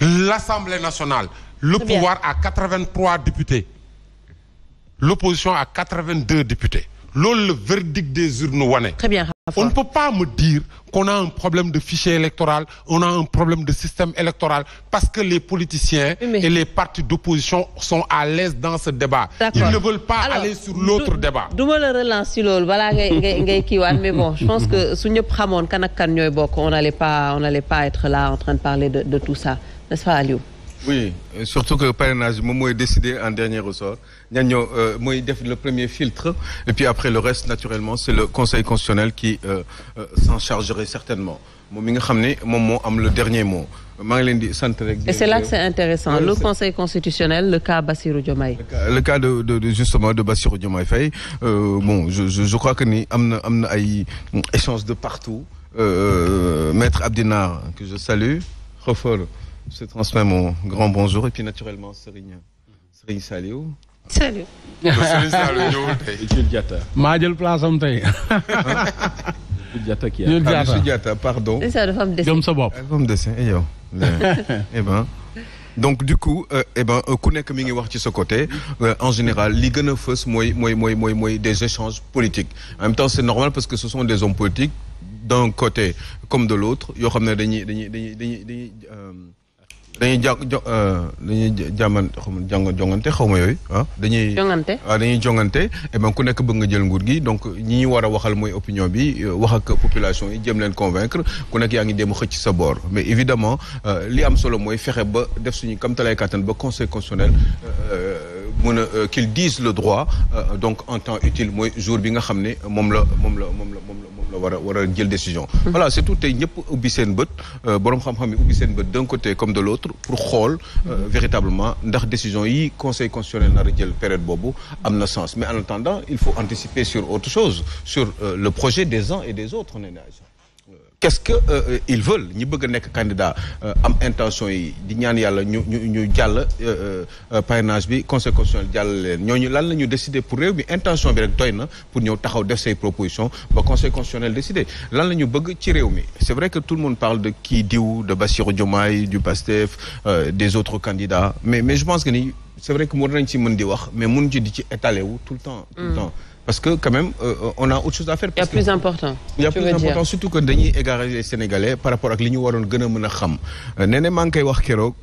L'Assemblée nationale, le pouvoir a 83 députés. L'opposition a 82 députés le verdict des urnes on ne peut pas me dire qu'on a un problème de fichier électoral on a un problème de système électoral parce que les politiciens. et les partis d'opposition sont à l'aise dans ce débat. ils ne veulent pas aller sur l'autre débat. relance mais bon je pense que si on n'allait pas on pas être là en train de parler de de tout ça n'est-ce pas Aliou oui euh, surtout que parrainage Momo est décidé en dernier ressort ñan ñoo euh, le premier filtre et puis après le reste naturellement c'est le conseil constitutionnel qui euh, s'en chargerait certainement moom le dernier mot et c'est là que c'est intéressant le conseil constitutionnel le cas Bassirou Diomaye. le cas, de, justement de Bassirou Diomaye bon je, crois que nous avons mm, échange de partout maître Abdinar que je salue je transmets mon grand bonjour et puis naturellement Serigne Serigne Salut. Serigne pardon. c'est ça dessin. et eh eh ben. donc du coup et euh, eh ben euh, ku connaît mi ngi côté euh, en général li y a des échanges politiques en même temps c'est normal parce que ce sont des hommes politiques d'un côté comme de l'autre Il dañuy jàng jo euh, dañuy jaman xaw ma jàngo jongante xaw yooyu ah. dañuy jongante waaw dañuy jongante et eh ben ku nekk bëgg nga jël nguur gi donc ñi ñu war a waxal mooy opinion bi euh, wax ak population yi jëm leen convaincre ku nekk yaa ngi dem xëcc sa bor mais évidemment euh, li am solo mooy fexe ba def suñu kamtalaay kàttan ba conseil constitutionnel. mën a qu'ils disent le droit donc en temps utile mooy jour bi nga xam ne moom la moom la moom la moom la décision. voilà c'est tout il y a seen bët euh, borom d'un côté comme de l'autre pour xol euh, véritablement ndax décision yi conseil constitutionnel n'a rien jël période Bobo sens mais en attendant il faut anticiper sur autre chose sur euh, le projet des uns et des autres qu'est-ce que euh, euh, ils veulent ñi bëgg a nekk candidat euh, am intention yi di ñaan yalla ñu ñu ñu jàll euh, parrainage bi conseil constitutionnel jàll leen ñu lan lañu décider pour réew mi intention bi rek doy na pour ñeu taxaw def ses propositions ba conseil constitutionnel décider lan lañu ñu bëgg ci réew mi c'est vrai que tout le monde parle de qui diou de Bassirou Diomaye du PASTEF des autres candidats mais mais je pense que c'est vrai que war nañ ci mën di wax mais mën ci di ci étaler tout le temps tout le mm. temps parce que quand même euh, on a autre chose à faire. il y a plus important. il y a plus important surtout que dañuy les Sénégalais par rapport à ce que nous avons dit, nous avons xam euh, nee dit,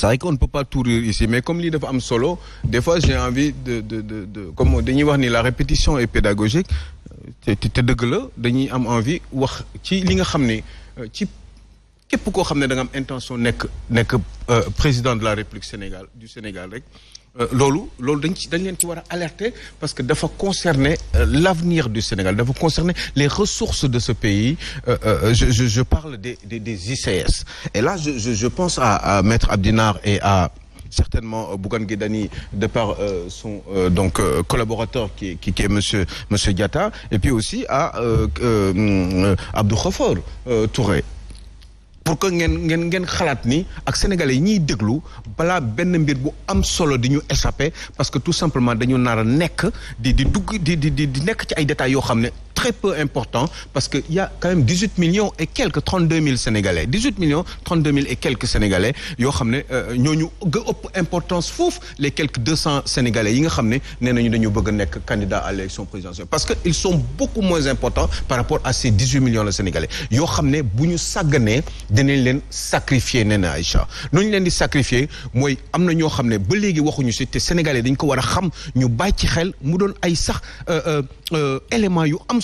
C'est qu'on ne peut pas tout rire ici, mais comme l'idée am solo, des fois j'ai envie de, de, de, de comme dit, la répétition est pédagogique, te deug la dañuy am envie de ci li nga xamné euh, ci képp ko xamné da nga am intention président de la République Sénégal du Sénégal Lolo, euh, Lolo dañ ci alerter parce que dafa concerner euh, l'avenir du Sénégal dafa concerner les ressources de ce pays euh, je parle des des ICS et là je pense à à Maître Abdinar et à certainement Bougane Guédani, de par son donc collaborateur qui qui qui est monsieur monsieur Diatta et puis aussi à hum, Abdou Khofor Touré. pour que ngeen ngeen ngeen xalaat ni ak sénégalais yi ñuy déglu balaa benn mbir bu am solo di ñu échappé parce que tout simplement dañu nar a nekk di di dugg di di di nekk ci ay détails yoo xam ne très peu important parce qu'il y a quand même 18 millions et quelques 32 000 Sénégalais 18 millions 32 000 et quelques Sénégalais ils ont une importance fouf les quelques 200 Sénégalais Ils ont une importance les candidats candidat à l'élection présidentielle parce qu'ils sont beaucoup moins importants par rapport à ces 18 millions de Sénégalais Ils ont une importance ñu les sacrifier nee Aïcha ñu leen di sacrifier moy amna ño xamné ba Sénégalais dañ ko wara xam ñu bay ci xel mu doon ay sax euh, euh, euh,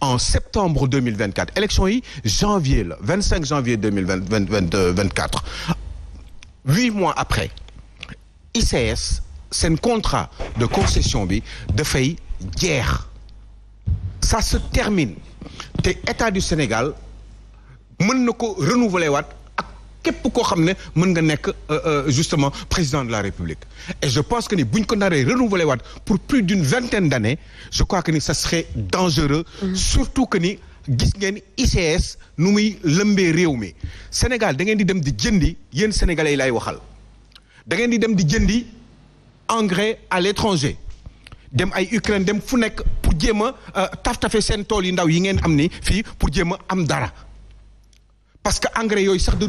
en septembre 2024 élection I, janvier 25 janvier 2024 huit mois après ICS c'est un contrat de concession de faillite guerre. ça se termine Et état du Sénégal ne renouveler képp koo xam ne mën nga nekk euh, euh, justement président de la république et je pense que ni buñ ko naree renouvelé waat pour plus d'une vingtaine d'années je crois que ni ça serait dangereux mmh. surtout que ni gis ngeen ICS nu muy lëmbee réew mi Sénégal da ngeen di dem di jëndi yéen sénégalais yi lay waxal da ngeen di dem di jëndi engrais à l'étranger dem ay Ukraine dem fu nekk pour jéem a euh, taf tafe seen tool yi ndaw yi ngeen am ni fii pour jéem a am dara parce que l'engrais, il sert de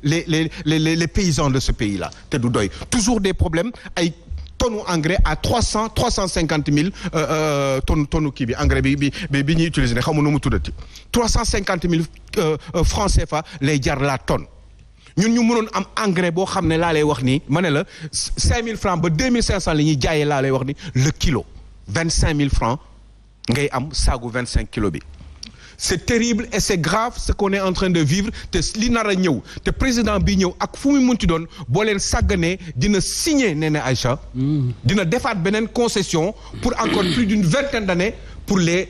les, paysans de ce pays-là. Toujours des problèmes. Il tonne d'engrais à 300, 350 000 tonnes de 350 000 francs cfa la tonne. Nous avons un engrais qui est là, 5 000 francs, 2 500 francs, le kilo. 25 000 francs, nous 25 kilos c'est terrible et c'est grave ce qu'on est en train de vivre te li nar te président bi akfumi ak fu mu munti doon leen dina signer Néné Aïcha mm. dina defaat benen concession pour encore plus d'une vingtaine d'années pour les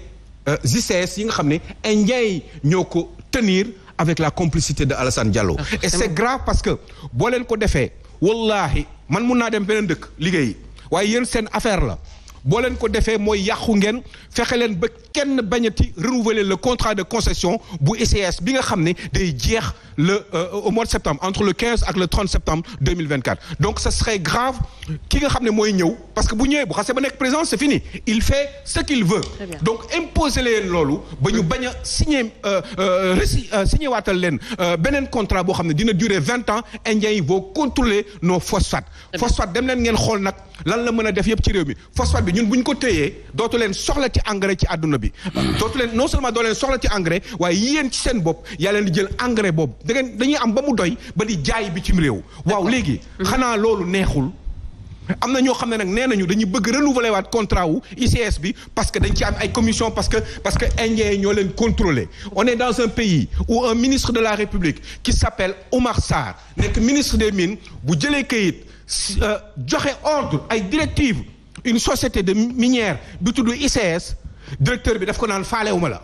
euh, ICS yi nga en ne nyoko tenir avec la complicité de Alassane Diallo ah, et c'est grave parce que boo leen ko defee wallahi man muna dem benen dëkk liggéey wa sen affaire la boo leen ko defé moy yàqu ngène fexe leen ba kenn bañati renouveler le contrat de concession bu ICS e bi nga xamné day jeex le euh, au mois de septembre entre le 15 ak le 30 septembre 2024 donc ça serait grave ki nga xamné moy ñew parce que bu ñewé bu xasse ba nek président c'est fini il fait ce qu'il veut donc imposer leen lolu ba ñu bañ euh, signer euh, resi euh, signer waatal leen beneen contrat bo xamné dina durer 20 ans indiens yi vont contrôler nos phosphates phosphates dem leen ngeen xol nak lan la mëna def yépp ci réew mi phosphate bi ñun buñ ko téyee dootu leen soxla ci engrais ci aduna bi dootu leen non seulement doo leen soxla ci engrais waye yeen ci seen bop ya leen di jël engrais bop da ngeen dañuy am ba mu doy ba di jaay bi ci réew waaw légui mm-hmm. xana loolu neexul am na ñoo xam ne nag nee nañu dañuy bëgg renouveler waat contrat wu ICS bi parce que dañ ci am ay commission parce que parce que indien yi ñoo leen contrôler on est dans un pays où un ministre de la République qui s'appelle Omar Sarr nekk ministre des mines bu jëlee kayit euh, joxe ordre ay directives une société de minière du du ICS directeur bi daf ko naan la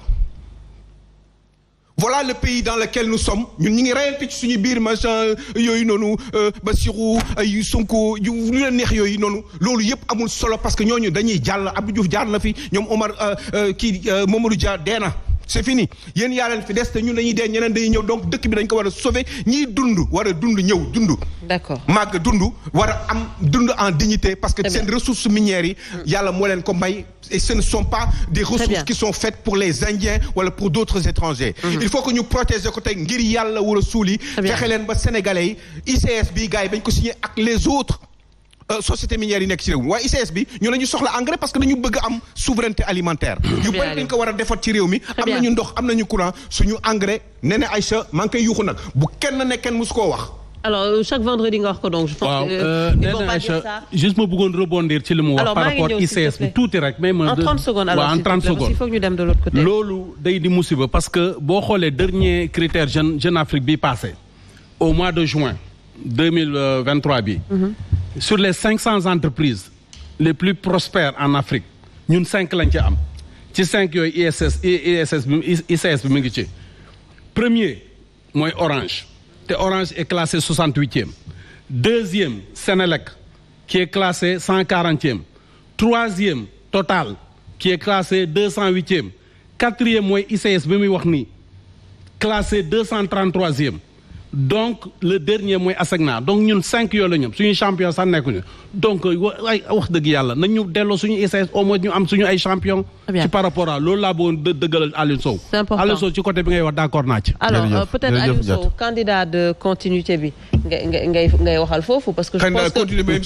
voilà le pays dans lequel nous sommes ñun ñi ngi reyante ci suñu biir machin euh, yooyu noonu de euh, ay Sonko yu lu leen neex de yëpp amul solo parce que ñoñu dañuy jall Abdou Diouf na fi ñom Omar euh, ki Mamadou c'est fini yéen yaa fi des te ñun dañuy dé ñeneen dañuy ñëw donc dëkk bi dañ ko wara sauver ñi dund wara a dund ñëw dund. d'accord mag dund wara am dund en dignité parce que seen ressources minières yi. Mm. yalla mo leen ko may et ce ne sont pas des ressources qui sont faites pour les Indiens wala pour d'autres étrangers. Mm. il faut que ñu protéger ko tey ngir yalla war a suul yi. fexe leen ba sénégalais yi ICS bi gars bañ ko signé ak les autres. Euh, société minière yi nekk ci rew wa ICS bi ñu lañu soxla engrais parce que dañu bëgg am souveraineté alimentaire yu bari dañ ko wara défat ci rew mi am nañu ndox am nañu courant suñu engrais nee na Aïcha man kay yuxu nak bu kenn ne kenn musu wax alors euh, chaque vendredi nga wax ko donc. je pense que euh, nee na Aïcha juste me bëggoon rebondir ci le mot par rapport ICS bi tuuti rek. mais en 30 secondes alors en 30 secondes. foog ñu dem de l'autre côté. loolu day di musiba parce que boo xoolee dernier critère jeune jeune Afrique bi passé au mois de juin 2023 bi. Mhm sur les 500 entreprises les plus prospères en Afrique nous cinq 5 ci am ci cinq 5 ISS ISS premier c'est Orange Orange est classé 68e deuxième Sénélec qui est classé 140e troisième Total qui est classé 208e quatrième ICS bi classé 233e donc le dernier mooy Asegna donc ñun cinq yooyu la ñoom suñu champion sax nekkuñu donc ay wax dëgg yàlla nañu ñu delloo suñu ICS au moins ñu am suñu ay champion ci par rapport à loolu laa bëggoon dëggal Aliou Sow Aliou Sow ci côté bi ngay wax d'accord naa ci alors euh, peut-être Aliou Sow candidat de continuité bi ngay ngay ngay waxal foofu parce que je pense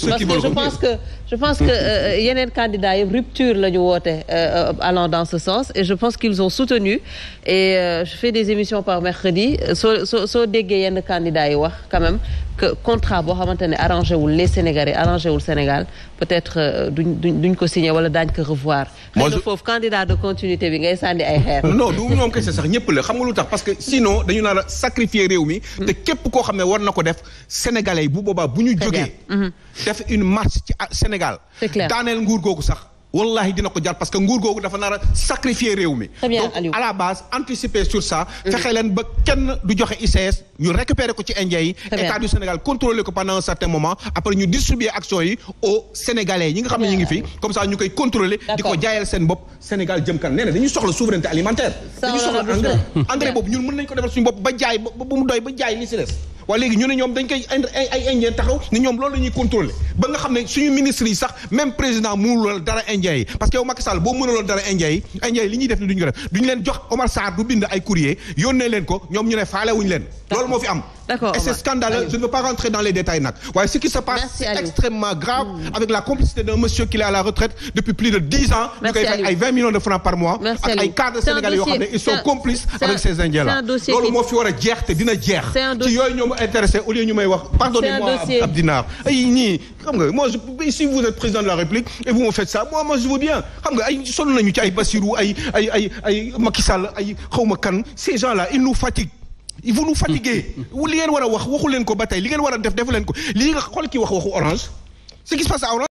que je pense que je pense que yeneen candidat yi rupture la ñu woote euh, euh, allant dans ce sens et je pense qu'ils ont soutenu et je fais des émissions par mercredi soo soo soo déggee yenn candidat yi wax quand même que contrat boo xamante ne arrangé wul les Sénégalais arrangé wul Sénégal peut-être euh, duñ duñ duñ ko signé wala dañ ko revoir. mooy su foofu candidat de continuité bi ngay sandi ay xeer. non du ñoom kese sax ñëpp la xam nga lu tax parce que sinon dañu naan la sacrifier réew mi. te mm. képp koo xam ne war na ko def sénégalais bu boobaa bu ñu jógee. Mm-hmm. def une marche ci Sénégal. c'est clair daaneel nguur googu sax. wallahi dina ko jar parce que nguur googu dafa nar a sacrifier réew mi donc à la base anticiper sur ça mm-hmm. fexe leen ba kenn du joxe ICS ñu récupérer ko ci Indien yi état du Sénégal contrôler ko pendant un certain moment après ñu distribuer action yi aux Sénégalais ñi nga xam ne ñu ngi fi comme ça ñu koy contrôler di ko jaayal seen bopp Sénégal jëm kanam nee na dañuy soxla souveraineté alimentaire dañuy soxla engrais engrais boobu ñun mën nañ ko defal suñu bopp ba jaay ba mu doy ba jaay li si waa léegi ñu ne ñoom dañ koy ay ay indien taxaw ni ñoom loolu la ñuy contrôler ba nga xam ne suñu ministre yi sax même président mënuloo dara indien yi parce que yow Macky Sall boo mënuloo dara indien yi indien yi li ñuy def ni duñu ko def leen jox Omar Sarr du bind ay courrier yónnee leen ko ñoom ñu ne faale leen loolu moo fi am Et c'est scandaleux. Je ne veux pas rentrer dans les détails, Ouais, ce qui se passe, c'est extrêmement grave mm. avec la complicité d'un monsieur qui est à la retraite depuis plus de 10 ans. qui 20 millions de francs par mois. Merci à lui. cadres ils sont complices avec ces Indiens-là. C'est un dossier. C'est un dossier. Pardonnez-moi, Abdinar. Moi, si vous êtes président de la République et vous me faites ça, moi, moi je veux bien. Ces gens-là, ils nous fatiguent. ils vont nous fatiguer. li ngeen war a wax waxu leen ko ba tey li ngeen war a def defu leen ko lii nga xool ki wax waxu orange ce qui se passe à orange.